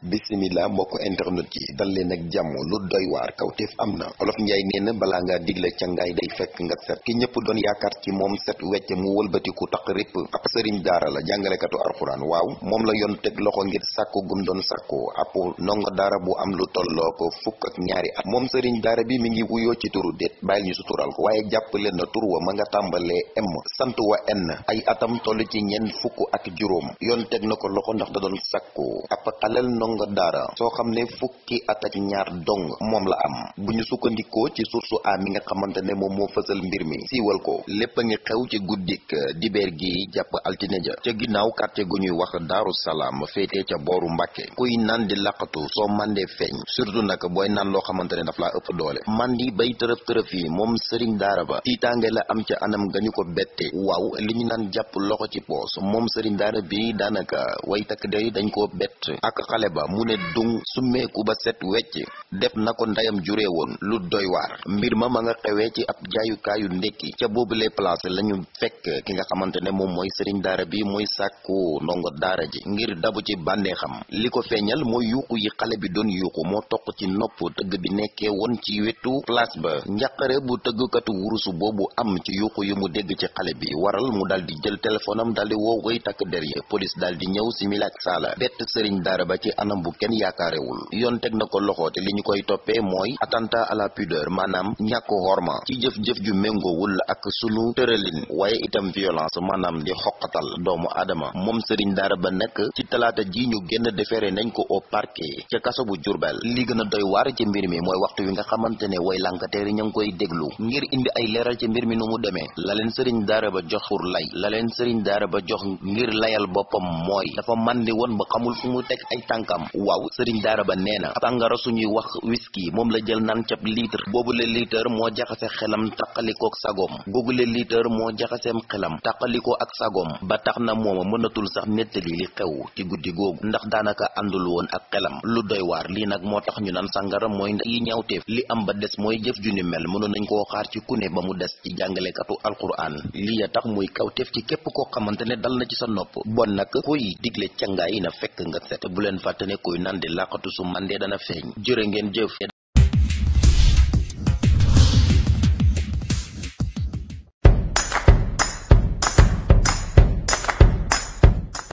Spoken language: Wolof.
bisimila mbokk internet yi dal leen ak jàmm lu doy waar kawteef am na olof njaay nee na balaa ngaa digle ca ngaay day fekk nga set ki ñëpp doon yaakaar ci moom set wecc mu wëlbatiku taq répp ab sëriñ daara la jàngalekatu arxuraan waaw moom la yoon teg loxo ngir sàkku gum doon sàkku ab ndongo daara bu am lu tolloo ko fukk ak ñaari at moom sëriñ daara bi mi ngi wuyoo ci turu déet bàyyil ñu sutural ko waaye jàpp leen na tur wa ma nga tàmbalee m sant wa n atam toll ci ñeent fukk ak juróom yoon teg na ko loxo ndax da doon sàkku ndongo daara soo xam ne fukki at ak ñaar dong moom la am bu ñu sukkandikoo ci source a mi nga xamante ne moom moo fësal mbir mi siiwal ko lépp a ngi xew ci guddik dibeer gi jàpp altine ja ca ginnaaw quartier gu ñuy wax daaru salaam féetee ca booru mbàkke kuy naan di laqatu soo mandee feeñ surtout nag booy naan loo xamante ne daf laa ëpp doole mandi bay tërëf tërëf yi moom sëriñ daara ba tiitaange la am ca anam ga ñu ko bette waaw li ñu naan jàpp loxo ci poos ba mu ne dung summeeku ba set wecc def na ko ndeyam juree woon lu doy waar mbir ma ma nga xewee ci ab jaayukaayu ndekki ca boobule place la ñu fekk ki nga xamante ne moom mooy sëriñ daara bi mooy sàkku ndongo daara ji ngir dabu ci bànneexam li ko feeñal mooy yuuxu yi xale bi doon yuuxu moo toq ci nopp tëgg bi nekkee woon ci wetu place ba njàqare bu tëggukatu wurusu boobu am ci yuuxu yu mu dégg ci xale bi waral mu dal di jël téléphone am dal di woo koy takk der yi police dal di ñëw simila ak saala anam bu kenn yaakaarewul yoon teg na ko loxo te li ñu koy toppee mooy attentat à la pudeur maanaam ñàkk horma ci jëf-jëf ju méngoowul ak sunu tëralin waaye itam violence maanaam di xoqatal doomu aadama moom sëriñ daara ba nekk ci talaata ji ñu génn defere nañ ko au parquet ca kaso bu Jurbel li gën a doy waar ci mbir mi mooy waxtu wi nga xamante ne way lankateeri ña ngi koy déglu ngir indi ay leeral ci mbir mi nu mu demee la leen sëriñ daara ba jox pour lay la leen sëriñ daara ba jox ngir layal boppam mooy teg ay tànkam am waaw sëriñ daara ba nee na sàngara suñuy wax whisky moom la jël naan cab litre boobu leen litre moo jaxase xelam taqalikoo sagoom googu le litre moo jaxaseem xelam taqalikoo ak sagoom ba tax na mooma mënatul sax nettali li xew ci guddi googu ndax daanaka àndul woon ak xelam lu doy waar lii nag moo tax ñu naan sàngara mooy yi ñawteef li am ba des mooy jëf ju ni mel mënoon nañ koo xaar ci kune ba mu des ci jàngalekatu alquran lii a tax muy kaw kawteef ci képp koo xamante ne dal na ci sa nopp bon nag koy digle cangaay na ne kuy nan di làqatu su man dee dana feeñ jërë